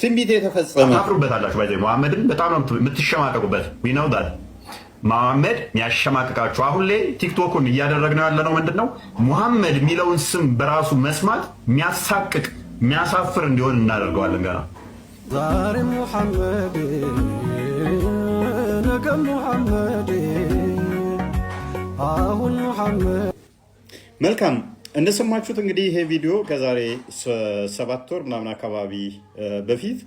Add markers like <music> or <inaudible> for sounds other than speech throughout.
ትንቢት የተፈጸመ ታፍሩበታላችሁ። ባይዘ መሐመድን በጣም ነው የምትሸማቀቁበት። ዊነው ዳል መሐመድ የሚያሸማቅቃችሁ አሁን ላይ ቲክቶኩን እያደረግነው ያለነው ምንድን ነው? ሙሐመድ የሚለውን ስም በራሱ መስማት የሚያሳቅቅ የሚያሳፍር እንዲሆን እናደርገዋለን። ገና ዛሬም ሙሐመድ ነገም ሙሐመድ አሁን ሙሐመድ መልካም እንደሰማችሁት እንግዲህ ይሄ ቪዲዮ ከዛሬ ሰባት ወር ምናምን አካባቢ በፊት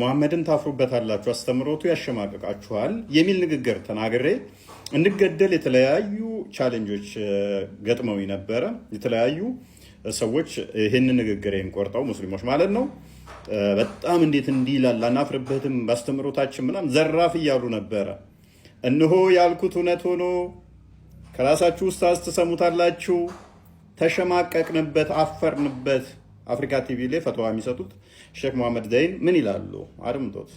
ሙሐመድን ታፍሩበታላችሁ፣ አስተምሮቱ ያሸማቅቃችኋል የሚል ንግግር ተናግሬ እንድገደል የተለያዩ ቻሌንጆች ገጥመው ነበረ። የተለያዩ ሰዎች ይህንን ንግግር ቆርጠው ሙስሊሞች ማለት ነው በጣም እንዴት እንዲህ ይላል አናፍርበትም፣ በአስተምሮታችን ምናምን ዘራፍ እያሉ ነበረ። እነሆ ያልኩት እውነት ሆኖ ከራሳችሁ ውስጥ አስተሰሙታላችሁ። ተሸማቀቅንበት፣ አፈርንበት። አፍሪካ ቲቪ ላይ ፈተዋ የሚሰጡት ሼክ መሐመድ ዘይን ምን ይላሉ? አድምጦት።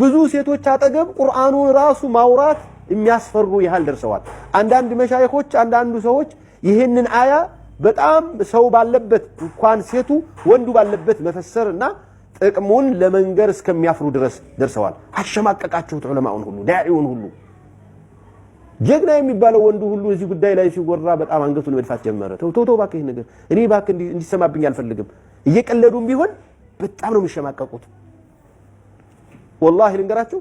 ብዙ ሴቶች አጠገብ ቁርአኑን ራሱ ማውራት የሚያስፈሩ ያህል ደርሰዋል። አንዳንድ መሻይኮች፣ አንዳንዱ ሰዎች ይህንን አያ በጣም ሰው ባለበት እንኳን ሴቱ ወንዱ ባለበት መፈሰር እና ጥቅሙን ለመንገር እስከሚያፍሩ ድረስ ደርሰዋል። አሸማቀቃችሁት ዑለማውን ሁሉ ዳዒውን ሁሉ ጀግና የሚባለው ወንዱ ሁሉ እዚህ ጉዳይ ላይ ሲወራ በጣም አንገቱን መድፋት ጀመረ። ተው ተው እባክህ ነገር እኔ እባክህ እንዲሰማብኝ አልፈልግም። እየቀለዱም ቢሆን በጣም ነው የሚሸማቀቁት። ወላሂ ልንገራችሁ፣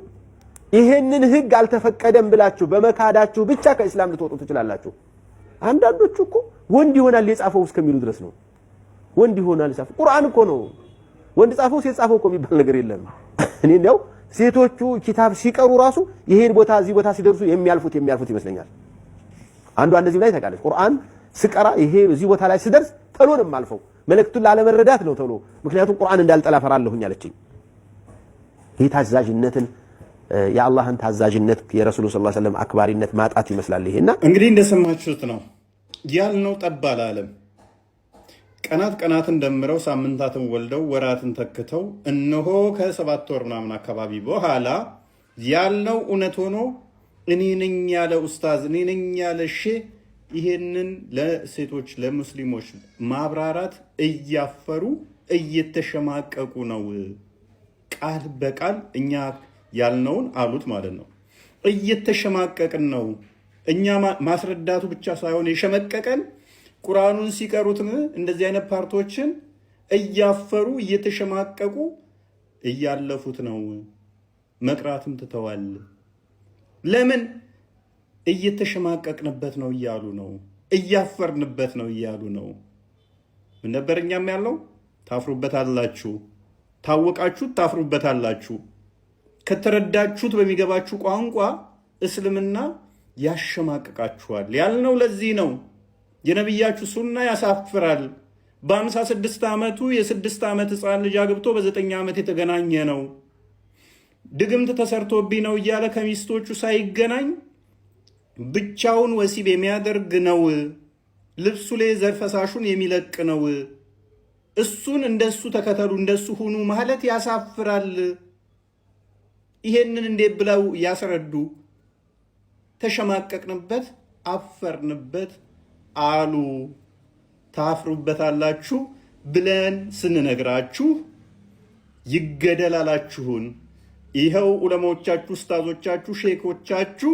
ይሄንን ህግ አልተፈቀደም ብላችሁ በመካዳችሁ ብቻ ከእስላም ልትወጡ ትችላላችሁ። አንዳንዶቹ እኮ ወንድ ይሆናል የጻፈው እስከሚሉ ድረስ ነው። ወንድ ይሆናል የጻፈው ቁርአን እኮ ነው። ወንድ ጻፈው ሴት ጻፈው እኮ የሚባል ነገር የለም። <laughs> እኔ እንዲያው ሴቶቹ ኪታብ ሲቀሩ ራሱ ይሄን ቦታ እዚህ ቦታ ሲደርሱ የሚያልፉት የሚያልፉት ይመስለኛል። አንዷ እንደዚህ ላይ ታውቃለች። ቁርአን ስቀራ ይሄ እዚህ ቦታ ላይ ስደርስ ተሎ ነው የማልፈው፣ መልእክቱን ላለመረዳት ነው ተሎ። ምክንያቱም ቁርአን እንዳልጠላ ፈራለሁኝ አለችኝ። ይህ ታዛዥነትን የአላህን ታዛዥነት የረሱሉ ሰለላሁ ዐለይሂ አክባሪነት ማጣት ይመስላል። ይሄና እንግዲህ እንደሰማችሁት ነው ያልነው ጠብ አላለም። ቀናት ቀናትን ደምረው ሳምንታትን ወልደው ወራትን ተክተው እነሆ ከሰባት ወር ምናምን አካባቢ በኋላ ያለው እውነት ሆኖ እኔ ነኝ ያለ ኡስታዝ እኔ ነኝ ያለ ሼህ ይሄንን ለሴቶች ለሙስሊሞች ማብራራት እያፈሩ እየተሸማቀቁ ነው። ቃል በቃል እኛ ያልነውን አሉት ማለት ነው። እየተሸማቀቅን ነው። እኛ ማስረዳቱ ብቻ ሳይሆን የሸመቀቀን ቁርአኑን ሲቀሩትም እንደዚህ አይነት ፓርቶችን እያፈሩ እየተሸማቀቁ እያለፉት ነው። መቅራትም ትተዋል። ለምን እየተሸማቀቅንበት ነው እያሉ ነው። እያፈርንበት ነው እያሉ ነው። ምን ነበር እኛም ያለው? ታፍሩበታላችሁ፣ ታወቃችሁት ታፍሩበታላችሁ። ከተረዳችሁት በሚገባችሁ ቋንቋ እስልምና ያሸማቅቃችኋል ያልነው ለዚህ ነው። የነቢያችሁ ሱና ያሳፍራል። በአምሳ ስድስት ዓመቱ የስድስት ዓመት ህፃን ልጅ አግብቶ በዘጠኝ ዓመት የተገናኘ ነው። ድግምት ተሰርቶብኝ ነው እያለ ከሚስቶቹ ሳይገናኝ ብቻውን ወሲብ የሚያደርግ ነው። ልብሱ ላይ ዘር ፈሳሹን የሚለቅ ነው። እሱን እንደሱ ተከተሉ እንደሱ ሁኑ ማለት ያሳፍራል። ይሄንን እንዴት ብለው ያስረዱ? ተሸማቀቅንበት፣ አፈርንበት። አሉ ታፍሩበታላችሁ ብለን ስንነግራችሁ ይገደላላችሁን። ይኸው ዑለማዎቻችሁ፣ ኡስታዞቻችሁ፣ ሼኮቻችሁ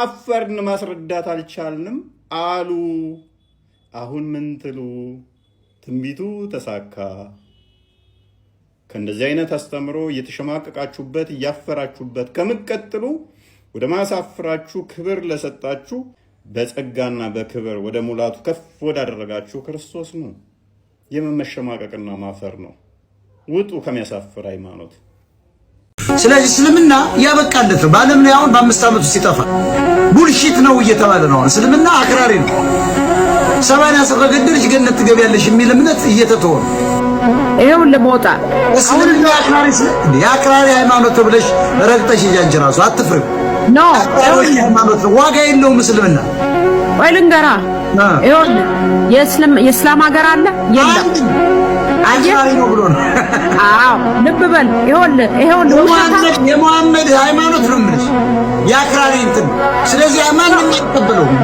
አፈርን ማስረዳት አልቻልንም አሉ። አሁን ምን ትሉ? ትንቢቱ ተሳካ። ከእንደዚህ አይነት አስተምሮ እየተሸማቀቃችሁበት እያፈራችሁበት ከምቀጥሉ ወደ ማሳፍራችሁ ክብር ለሰጣችሁ በጸጋና በክብር ወደ ሙላቱ ከፍ ወዳደረጋችሁ ክርስቶስ ነው። የመመሸማቀቅና ማፈር ነው። ውጡ ከሚያሳፍር ሃይማኖት። ስለዚህ እስልምና ያበቃለት ነው። በዓለም ላይ አሁን በአምስት ዓመት ውስጥ ይጠፋል። ቡልሺት ነው እየተባለ ነው። አሁን እስልምና አክራሪ ነው። ሰማንያ ሰው ከገደልሽ ገነት ትገቢያለሽ የሚል እምነት እየተተወ ነው። ይሄው ለሞታ እስልምና አክራሪ የአክራሪ ሃይማኖት ተብለሽ ረግጠሽ ሂጂ። ራሱ አትፍርም። ዋጋ የለውም እስልምና። ቆይ ልንገራ ይሁን የእስላም ሀገር አለ የለም? ልብ በል ይሁን ሃይማኖት ነው የምልሽ የአክራሪ እንትን። ስለዚህ ማንም አይቀበለውም።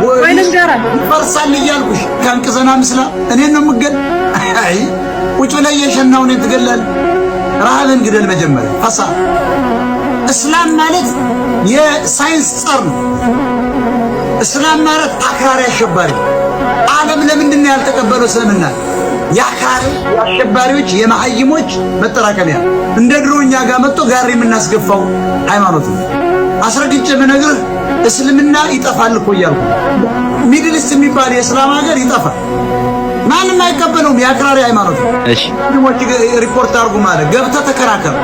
ይፈርሳል እያልኩሽ ከንቅዘና ምስላ እኔን ነው የምገል። አይ ቁጭ ላይ የሸናውን ትገላለህ። ረሃብን ግደል መጀመሪያ ሐሳ እስላም ማለት የሳይንስ ጸር ነው። እስላም ማለት አክራሪ አሸባሪ። ዓለም ለምንድን ነው ያልተቀበለው? እስልምና የአክራሪ አሸባሪዎች፣ የመሀይሞች መጠራቀሚያ እንደ ድሮ እኛ ጋር መጥቶ ጋሪ የምናስገፋው ሃይማኖት ነው። አስረግጬ ብነግርህ እስልምና ይጠፋል እኮ እያልኩ ሚድልስት የሚባል የእስላም ሀገር ይጠፋል። ማንም አይቀበለውም። የአክራሪ ሃይማኖት እሺ፣ ወጭ ሪፖርት አድርጉ ማለት ገብተህ ተከራከር።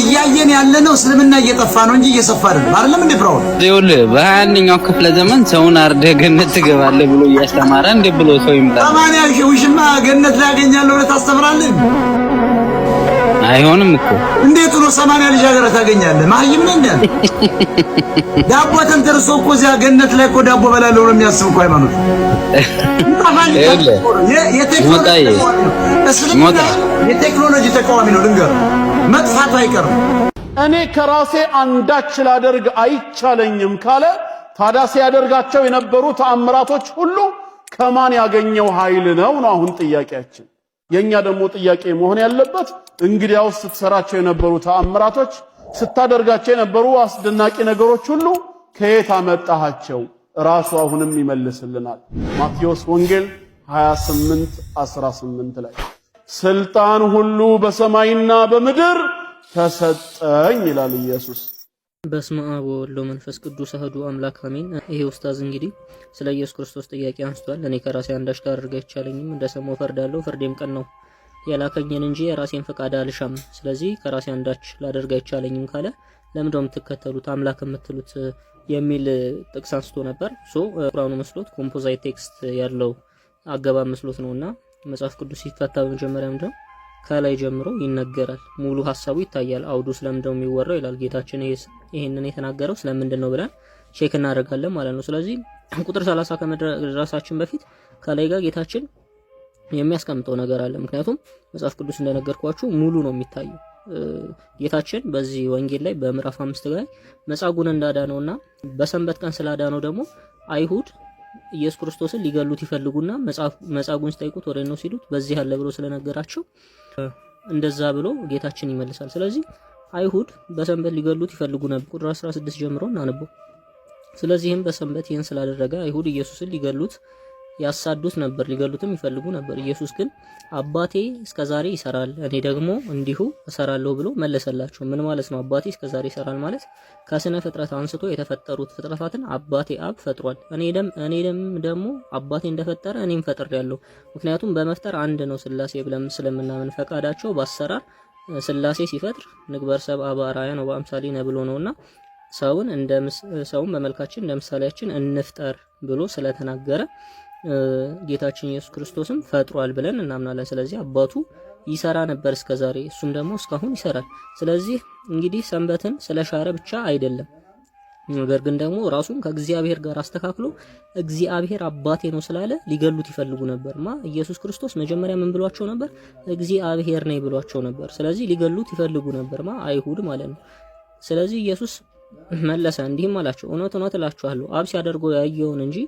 እያየን ያለ ነው እስልምና እየጠፋ ነው እንጂ እየሰፋ አይደለም። አይደለም እንዴ ፍራውን ይሁን በሃያ ክፍለ ዘመን ሰውን አርደህ ገነት ትገባለህ ብሎ እያስተማረ እንዴ ብሎ ሰው ይምጣ። ታማኒ ሺህ ውሽማ ገነት ላይ ያገኛለሁ ብለህ ታስተምራለህ? አይሆንም እኮ እንዴት ነው ሰማንያ ልጅ ሀገር ታገኛለህ? ማህይም ነህ። ዳቦ ተንተርሶ እኮ እዚያ ገነት ላይ እኮ ዳቦ በላለሁ ነው የሚያስብ እኮ ሃይማኖት። የቴክኖሎጂ ተቃዋሚ ነው። ልንገርህ፣ መጥፋቱ አይቀርም። እኔ ከራሴ አንዳች ላደርግ አይቻለኝም ካለ ታዲያ ሲያደርጋቸው የነበሩ ተአምራቶች ሁሉ ከማን ያገኘው ኃይል ነው ነው አሁን ጥያቄያችን። የኛ ደግሞ ጥያቄ መሆን ያለበት እንግዲያው ስትሰራቸው የነበሩ ተአምራቶች፣ ስታደርጋቸው የነበሩ አስደናቂ ነገሮች ሁሉ ከየት አመጣሃቸው? ራሱ አሁንም ይመልስልናል። ማቴዎስ ወንጌል 28 18 ላይ ስልጣን ሁሉ በሰማይና በምድር ተሰጠኝ ይላል ኢየሱስ። በስመ አብ ወወልድ ወመንፈስ ቅዱስ አህዱ አምላክ አሜን። ይሄ ኡስታዝ እንግዲህ ስለ ኢየሱስ ክርስቶስ ጥያቄ አንስቷል። እኔ ከራሴ አንዳች ላደርግ አይቻለኝም፣ እንደሰማሁ ፈርዳለሁ፣ ፍርዴም ቀን ነው። የላከኝን እንጂ የራሴን ፈቃድ አልሻም። ስለዚህ ከራሴ አንዳች ላደርግ አይቻለኝም ካለ ለምንድነው የምትከተሉት አምላክ የምትሉት የሚል ጥቅስ አንስቶ ነበር። ሶ ቁርአኑ መስሎት ኮምፖዛይት ቴክስት ያለው አገባ መስሎት እና መጽሐፍ ቅዱስ ሲፈታ በመጀመሪያ ምንድነው ከላይ ጀምሮ ይነገራል። ሙሉ ሀሳቡ ይታያል። አውዱ ስለምንድነው የሚወራው ይላል ጌታችን። ይህንን የተናገረው ስለምንድን ነው ብለን ቼክ እናደርጋለን ማለት ነው። ስለዚህ ቁጥር 30 ከመድረሳችን በፊት ከላይ ጋር ጌታችን የሚያስቀምጠው ነገር አለ። ምክንያቱም መጽሐፍ ቅዱስ እንደነገርኳችሁ ሙሉ ነው የሚታየው። ጌታችን በዚህ ወንጌል ላይ በምዕራፍ አምስት ላይ እንዳዳነው እና በሰንበት ቀን ስላዳነው ደግሞ አይሁድ ኢየሱስ ክርስቶስን ሊገሉት ይፈልጉና መጻጉን ሲጠይቁት ወደ ነው ሲሉት በዚህ ያለ ብሎ ስለነገራቸው እንደዛ ብሎ ጌታችን ይመልሳል። ስለዚህ አይሁድ በሰንበት ሊገሉት ይፈልጉ ነበር። ቁጥር 16 ጀምሮ እናነበው። ስለዚህም በሰንበት ይህን ስላደረገ አይሁድ ኢየሱስን ሊገሉት ያሳዱት ነበር፣ ሊገሉትም ይፈልጉ ነበር። ኢየሱስ ግን አባቴ እስከዛሬ ይሰራል፣ እኔ ደግሞ እንዲሁ እሰራለሁ ብሎ መለሰላቸው። ምን ማለት ነው? አባቴ እስከዛሬ ይሰራል ማለት ከስነ ፍጥረት አንስቶ የተፈጠሩት ፍጥረታትን አባቴ አብ ፈጥሯል። እኔ ደም እኔ ደም ደግሞ አባቴ እንደፈጠረ እኔም ፈጥሬያለሁ። ምክንያቱም በመፍጠር አንድ ነው ስላሴ ብለን ስለምናምን ፈቃዳቸው በአሰራር ስላሴ ሲፈጥር ንግበር ሰብአ በአርአያነ ወበአምሳሊነ ብሎ ነውና ሰውን እንደ ሰውን በመልካችን እንደ ምሳሌያችን እንፍጠር ብሎ ስለተናገረ ጌታችን ኢየሱስ ክርስቶስም ፈጥሯል ብለን እናምናለን። ስለዚህ አባቱ ይሰራ ነበር እስከ ዛሬ እሱም ደግሞ እስካሁን ይሰራል። ስለዚህ እንግዲህ ሰንበትን ስለሻረ ብቻ አይደለም፣ ነገር ግን ደግሞ ራሱን ከእግዚአብሔር ጋር አስተካክሎ እግዚአብሔር አባቴ ነው ስላለ ሊገሉት ይፈልጉ ነበር። ማ ኢየሱስ ክርስቶስ መጀመሪያ ምን ብሏቸው ነበር? እግዚአብሔር ነኝ ብሏቸው ነበር። ስለዚህ ሊገሉት ይፈልጉ ነበር፣ ማ አይሁድ ማለት ነው። ስለዚህ ኢየሱስ መለሰ እንዲህም አላቸው፣ እውነት እውነት እላችኋለሁ አብ ሲያደርገው ያየውን እንጂ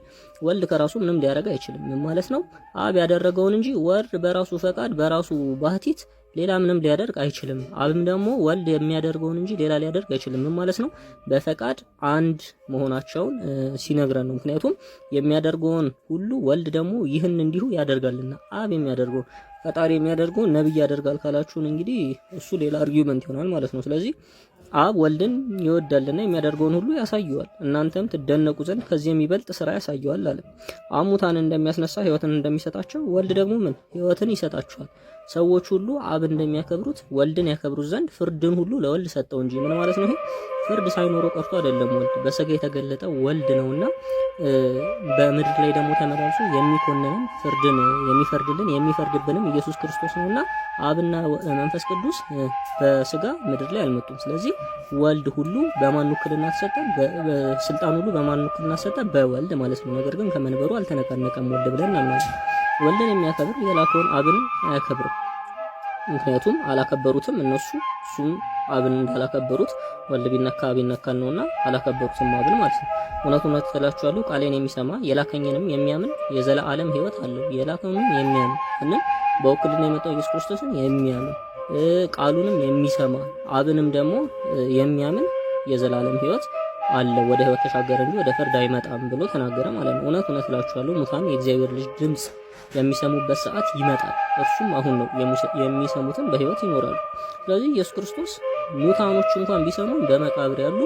ወልድ ከራሱ ምንም ሊያደርግ አይችልም ማለት ነው። አብ ያደረገውን እንጂ ወልድ በራሱ ፈቃድ በራሱ ባህቲት ሌላ ምንም ሊያደርግ አይችልም። አብም ደግሞ ወልድ የሚያደርገውን እንጂ ሌላ ሊያደርግ አይችልም ማለት ነው። በፈቃድ አንድ መሆናቸውን ሲነግረን ነው። ምክንያቱም የሚያደርገውን ሁሉ ወልድ ደግሞ ይህን እንዲሁ ያደርጋልና አብ የሚያደርገው ፈጣሪ የሚያደርገው ነብይ ያደርጋል ካላችሁን እንግዲህ እሱ ሌላ አርጊመንት ይሆናል ማለት ነው። ስለዚህ አብ ወልድን ይወዳልና የሚያደርገውን ሁሉ ያሳየዋል፣ እናንተም ትደነቁ ዘንድ ከዚህ የሚበልጥ ስራ ያሳየዋል አለ። አብ ሙታንን እንደሚያስነሳ ህይወትን እንደሚሰጣቸው ወልድ ደግሞ ምን ህይወትን ይሰጣችኋል። ሰዎች ሁሉ አብ እንደሚያከብሩት ወልድን ያከብሩት ዘንድ ፍርድን ሁሉ ለወልድ ሰጠው እንጂ ምን ማለት ነው? ፍርድ ሳይኖረው ቀርቶ አይደለም። ወልድ በስጋ የተገለጠ ወልድ ነውና በምድር ላይ ደግሞ ተመላልሶ የሚኮንንን ፍርድን የሚፈርድልን የሚፈርድብንም ኢየሱስ ክርስቶስ ነውና አብና መንፈስ ቅዱስ በስጋ ምድር ላይ አልመጡም። ስለዚህ ወልድ ሁሉ በማን ውክልና ተሰጠ? ስልጣን ሁሉ በማን ውክልና ተሰጠ? በወልድ ማለት ነው። ነገር ግን ከመንበሩ አልተነቃነቀም ወልድ ብለን እናምናለን። ወልድን የሚያከብር የላከውን አብን አያከብርም። ምክንያቱም አላከበሩትም እነሱ እሱም አብን እንዳላከበሩት ወልድ ቢነካ አብ ይነካል ነውና አላከበሩትም አብን ማለት ነው። እውነት እውነት እላችኋለሁ ቃሌን የሚሰማ የላከኝንም የሚያምን የዘላለም ሕይወት አለው። የላከውንም የሚያምን እና በውክልና የመጣው ኢየሱስ ክርስቶስን የሚያምን ቃሉንም የሚሰማ አብንም ደግሞ የሚያምን የዘላለም ሕይወት አለ ወደ ህይወት ተሻገረ እንጂ ወደ ፍርድ አይመጣም ብሎ ተናገረ ማለት ነው። እውነት እውነት እላችኋለሁ ሙታን የእግዚአብሔር ልጅ ድምፅ የሚሰሙበት ሰዓት ይመጣል፣ እርሱም አሁን ነው። የሚሰሙትም በህይወት ይኖራሉ። ስለዚህ ኢየሱስ ክርስቶስ ሙታኖች እንኳን ቢሰሙን በመቃብር ያሉ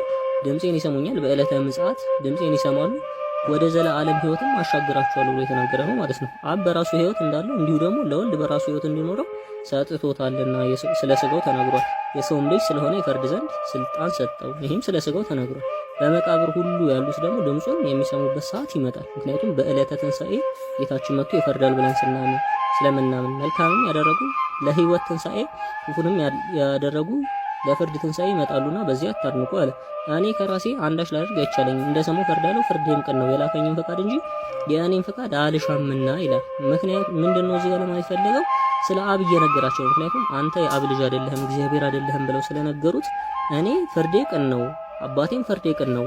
ድምፄን ይሰሙኛል፣ በዕለተ ምጽአት ድምፄን ይሰማሉ፣ ወደ ዘላለም ህይወትም አሻግራቸዋለሁ ብሎ የተናገረ ነው ማለት ነው። አብ በራሱ ህይወት እንዳለው እንዲሁ ደግሞ ለወልድ በራሱ ህይወት እንዲኖረው ሰጥቶታልና ስለ ስጋው ተናግሯል። የሰውም ልጅ ስለሆነ ይፈርድ ዘንድ ስልጣን ሰጠው፣ ይህም ስለ ስጋው ተናግሯል። በመቃብር ሁሉ ያሉት ደግሞ ድምፁን የሚሰሙበት ሰዓት ይመጣል። ምክንያቱም በዕለተ ትንሣኤ ጌታችን መጥቶ ይፈርዳል ብለን ስናምን ስለምናምን መልካምም ያደረጉ ለህይወት ትንሣኤ ክፉንም ያደረጉ ለፍርድ ትንሣኤ ይመጣሉና በዚያ አታድንቁ አለ። እኔ ከራሴ አንዳች ላደርግ አይቻለኝም፣ እንደ ስሙ ፈርዳለሁ። ፍርዴም ቅን ነው፣ የላከኝን ፈቃድ እንጂ የእኔን ፈቃድ አልሻምና ይላል። ምክንያት ምንድነው እዚህ ለማለት ፈለገው? ስለ አብ እየነገራቸው፣ ምክንያቱም አንተ የአብ ልጅ አይደለህም እግዚአብሔር አይደለህም ብለው ስለነገሩት እኔ ፍርዴ ቅን ነው አባቴም ፍርድ ቅን ነው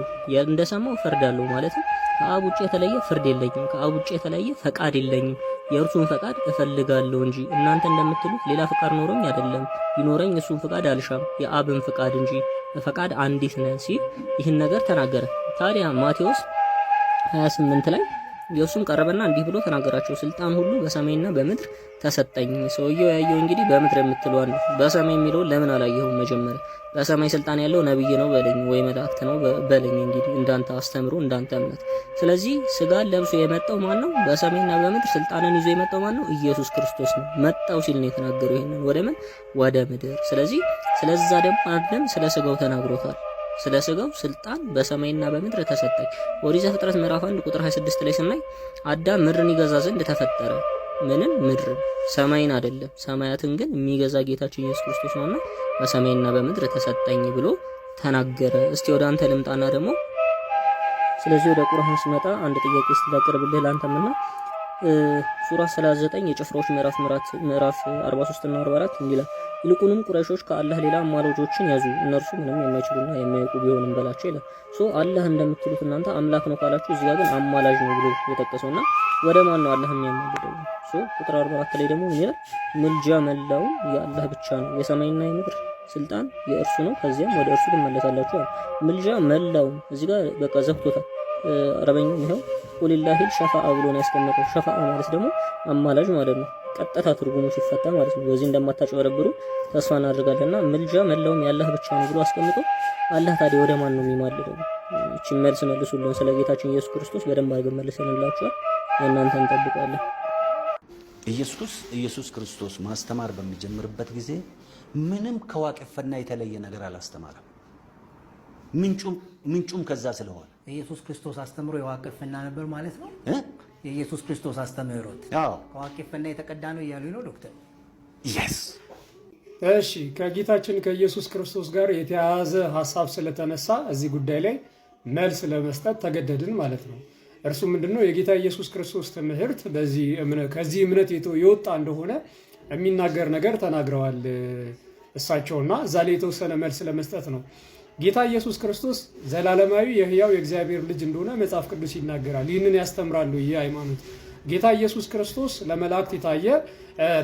እንደሰማው ፈርዳለሁ ነው። ከአብ ውጭ የተለየ ፍርድ የለኝም፣ ከአብ ውጭ የተለየ ፈቃድ የለኝም። የእርሱን ፈቃድ እፈልጋለሁ እንጂ እናንተ እንደምትሉት ሌላ ፈቃድ ኖሮኝ አይደለም። ቢኖረኝ እሱን ፈቃድ አልሻም፣ የአብን ፈቃድ እንጂ ፈቃድ አንዲት ነን ሲል ይህን ነገር ተናገረ። ታዲያ ማቴዎስ 28 ላይ ኢየሱስም ቀረበና እንዲህ ብሎ ተናገራቸው፣ ስልጣን ሁሉ በሰማይና በምድር ተሰጠኝ። ሰውየው ያየው እንግዲህ በምድር የምትለዋን ነው። በሰማይ የሚለውን ለምን አላየሁም? መጀመሪያ በሰማይ ስልጣን ያለው ነብይ ነው በለኝ ወይ መላእክት ነው በለኝ። እንግዲህ እንዳንተ አስተምሮ እንዳንተ እምነት። ስለዚህ ስጋን ለብሶ የመጣው ማን ነው? በሰማይና በምድር ስልጣንን ይዞ የመጣው ማን ነው? ኢየሱስ ክርስቶስ ነው። መጣው ሲል ነው የተናገረው። ይሄንን ወደ ምን? ወደ ምድር። ስለዚህ ስለዛ ደግሞ አለም ስለ ስጋው ተናግሮታል። ስለ ስጋው ስልጣን በሰማይና በምድር ተሰጠኝ። ኦሪት ዘፍጥረት ምዕራፍ 1 ቁጥር 26 ላይ ስናይ አዳም ምድርን ይገዛ ዘንድ ተፈጠረ። ምንም ምድር ሰማይን አይደለም። ሰማያትን ግን የሚገዛ ጌታችን ኢየሱስ ክርስቶስ ነውና በሰማይና በምድር ተሰጠኝ ብሎ ተናገረ። እስቲ ወደ አንተ ልምጣና ደግሞ ስለዚህ ወደ ቁርአን ስመጣ አንድ ጥያቄ ስላቀርብልህ ላንተምና ሱራ 39 የጭፍሮች ምዕራፍ ምዕራፍ 43 እና 44 እንዲላ ይልቁንም ቁረሾች ከአላህ ሌላ አማላጆችን ያዙ እነርሱ ምንም የማይችሉና የማያውቁ ቢሆንም በላቸው ይላል። ሶ አላህ እንደምትሉት እናንተ አምላክ ነው ካላችሁ እዚያ ግን አማላጅ ነው ብሎ የጠቀሰው እና ወደ ማን ነው አላህ የሚያማልደው? ሶ ቁጥር 44 ላይ ደግሞ ምን ይላል? ምልጃ መላው የአላህ ብቻ ነው፣ የሰማይና የምድር ስልጣን የእርሱ ነው፣ ከዚያም ወደ እርሱ ትመለሳላችሁ። ምልጃ መላው እዚህ ጋር በቃ ዘግቶታል። አረበኛው ይኸው ወሊላሂ ሸፋአ ብሎ ነው ያስቀመጠው። ሸፋአ ማለት ደግሞ አማላጅ ማለት ነው፣ ቀጥታ ትርጉሙ ሲፈታ ማለት ነው። በዚህ እንደማታጭበረብሩ ተስፋ እናደርጋለንና ምልጃ መላውም ያላህ ብቻ ነው ብሎ አስቀምጦ አላህ ታዲያ ወደ ማን ነው የሚማልደው? እቺን መልስ መልሱልን። ስለ ጌታችን ኢየሱስ ክርስቶስ በደንብ አድርገን መልሰንላችኋል። የእናንተ እንጠብቃለን። ኢየሱስ ኢየሱስ ክርስቶስ ማስተማር በሚጀምርበት ጊዜ ምንም ከዋቅፈና የተለየ ነገር አላስተማረም። ምንጩም ምንጩም ከዛ ስለሆነ የኢየሱስ ክርስቶስ አስተምሮ የዋቅፍና ነበር ማለት ነው። የኢየሱስ ክርስቶስ አስተምህሮት ከዋቅፍና የተቀዳ ነው እያሉ ነው ዶክተር። እሺ ከጌታችን ከኢየሱስ ክርስቶስ ጋር የተያያዘ ሀሳብ ስለተነሳ እዚህ ጉዳይ ላይ መልስ ለመስጠት ተገደድን ማለት ነው። እርሱ ምንድነው የጌታ ኢየሱስ ክርስቶስ ትምህርት ከዚህ እምነት የወጣ እንደሆነ የሚናገር ነገር ተናግረዋል እሳቸውና እዛ ላይ የተወሰነ መልስ ለመስጠት ነው። ጌታ ኢየሱስ ክርስቶስ ዘላለማዊ የህያው የእግዚአብሔር ልጅ እንደሆነ መጽሐፍ ቅዱስ ይናገራል። ይህንን ያስተምራሉ። ይህ ሃይማኖት ጌታ ኢየሱስ ክርስቶስ ለመላእክት የታየ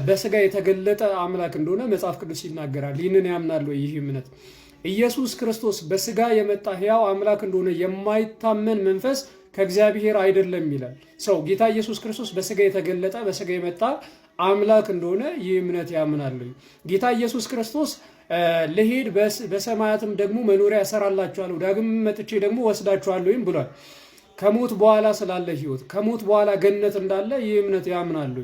በስጋ የተገለጠ አምላክ እንደሆነ መጽሐፍ ቅዱስ ይናገራል። ይህንን ያምናሉ። ይህ እምነት ኢየሱስ ክርስቶስ በስጋ የመጣ ህያው አምላክ እንደሆነ የማይታመን መንፈስ ከእግዚአብሔር አይደለም ይላል። ሰው ጌታ ኢየሱስ ክርስቶስ በስጋ የተገለጠ በስጋ የመጣ አምላክ እንደሆነ ይህ እምነት ያምናሉ። ጌታ ኢየሱስ ክርስቶስ ልሂድ በሰማያትም ደግሞ መኖሪያ እሰራላችኋለሁ፣ ዳግም መጥቼ ደግሞ ወስዳችኋለሁ ብሏል። ከሞት በኋላ ስላለ ህይወት፣ ከሞት በኋላ ገነት እንዳለ ይህ እምነት ያምናሉ።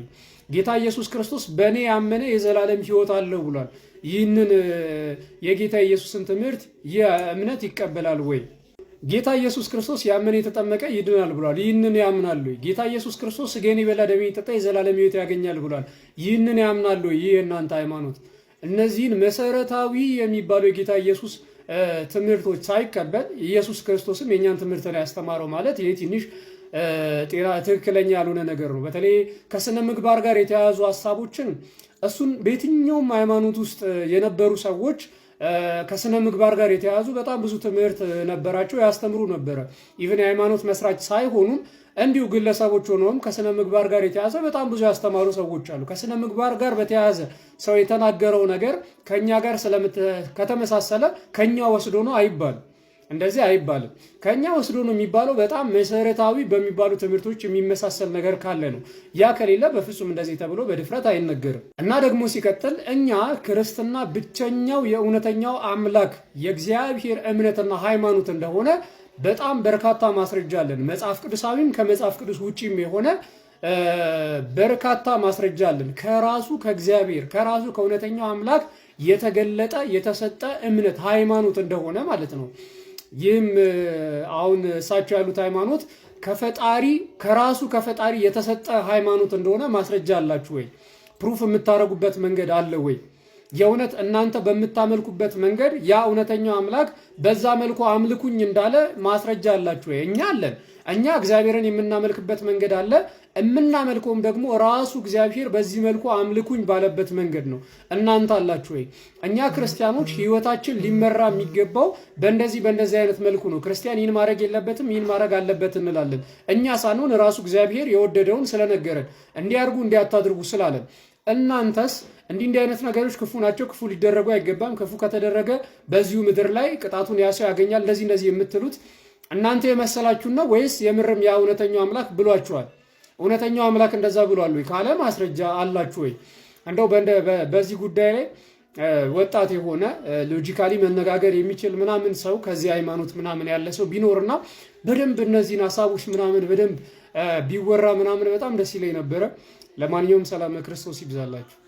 ጌታ ኢየሱስ ክርስቶስ በእኔ ያመነ የዘላለም ህይወት አለው ብሏል። ይህንን የጌታ ኢየሱስን ትምህርት ይህ እምነት ይቀበላል ወይ? ጌታ ኢየሱስ ክርስቶስ ያመነ የተጠመቀ ይድናል ብሏል። ይህንን ያምናሉ። ጌታ ኢየሱስ ክርስቶስ ሥጋዬን የበላ ደሜን የጠጣ የዘላለም ህይወት ያገኛል ብሏል። ይህንን ያምናሉ። ይህ የእናንተ ሃይማኖት እነዚህን መሰረታዊ የሚባለው የጌታ ኢየሱስ ትምህርቶች ሳይቀበል ኢየሱስ ክርስቶስም የእኛን ትምህርት ነው ያስተማረው ማለት ይህ ትንሽ ጤና ትክክለኛ ያልሆነ ነገር ነው። በተለይ ከስነ ምግባር ጋር የተያያዙ ሀሳቦችን እሱን በየትኛውም ሃይማኖት ውስጥ የነበሩ ሰዎች ከስነ ምግባር ጋር የተያያዙ በጣም ብዙ ትምህርት ነበራቸው፣ ያስተምሩ ነበረ። ኢቨን የሃይማኖት መስራች ሳይሆኑም እንዲሁ ግለሰቦች ሆኖም ከስነ ምግባር ጋር የተያዘ በጣም ብዙ ያስተማሩ ሰዎች አሉ። ከስነ ምግባር ጋር በተያያዘ ሰው የተናገረው ነገር ከኛ ጋር ከተመሳሰለ ከኛ ወስዶ ነው አይባልም። እንደዚህ አይባልም። ከኛ ወስዶ ነው የሚባለው። በጣም መሰረታዊ በሚባሉ ትምህርቶች የሚመሳሰል ነገር ካለ ነው። ያ ከሌለ በፍጹም እንደዚህ ተብሎ በድፍረት አይነገርም። እና ደግሞ ሲቀጥል እኛ ክርስትና ብቸኛው የእውነተኛው አምላክ የእግዚአብሔር እምነትና ሃይማኖት እንደሆነ በጣም በርካታ ማስረጃ አለን። መጽሐፍ ቅዱሳዊም ከመጽሐፍ ቅዱስ ውጪም የሆነ በርካታ ማስረጃ አለን። ከራሱ ከእግዚአብሔር ከራሱ ከእውነተኛው አምላክ የተገለጠ የተሰጠ እምነት ሃይማኖት እንደሆነ ማለት ነው። ይህም አሁን እሳቸው ያሉት ሃይማኖት ከፈጣሪ ከራሱ ከፈጣሪ የተሰጠ ሃይማኖት እንደሆነ ማስረጃ አላችሁ ወይ? ፕሩፍ የምታደርጉበት መንገድ አለ ወይ? የእውነት እናንተ በምታመልኩበት መንገድ ያ እውነተኛው አምላክ በዛ መልኩ አምልኩኝ እንዳለ ማስረጃ አላችሁ ወይ? እኛ አለን። እኛ እግዚአብሔርን የምናመልክበት መንገድ አለ። የምናመልከውም ደግሞ ራሱ እግዚአብሔር በዚህ መልኩ አምልኩኝ ባለበት መንገድ ነው። እናንተ አላችሁ ወይ? እኛ ክርስቲያኖች ሕይወታችን ሊመራ የሚገባው በእንደዚህ በእንደዚህ አይነት መልኩ ነው። ክርስቲያን ይህን ማድረግ የለበትም ይህን ማድረግ አለበት እንላለን። እኛ ሳንሆን ራሱ እግዚአብሔር የወደደውን ስለነገረን እንዲያርጉ እንዲያታድርጉ ስላለን እናንተስ እንዲህ እንዲህ አይነት ነገሮች ክፉ ናቸው፣ ክፉ ሊደረጉ አይገባም፣ ክፉ ከተደረገ በዚሁ ምድር ላይ ቅጣቱን ያሰው ያገኛል፣ እንደዚህ እንደዚህ የምትሉት እናንተ የመሰላችሁና ነው ወይስ የምርም ያ እውነተኛው አምላክ ብሏችኋል? እውነተኛው አምላክ እንደዛ ብሏል ወይ ካለ ማስረጃ አላችሁ ወይ? እንደው በዚህ ጉዳይ ላይ ወጣት የሆነ ሎጂካሊ መነጋገር የሚችል ምናምን ሰው ከዚህ ሃይማኖት ምናምን ያለ ሰው ቢኖርና በደንብ እነዚህን ሀሳቦች ምናምን በደንብ ቢወራ ምናምን በጣም ደስ ይለኝ ነበረ። ለማንኛውም ሰላም ክርስቶስ ይብዛላችሁ።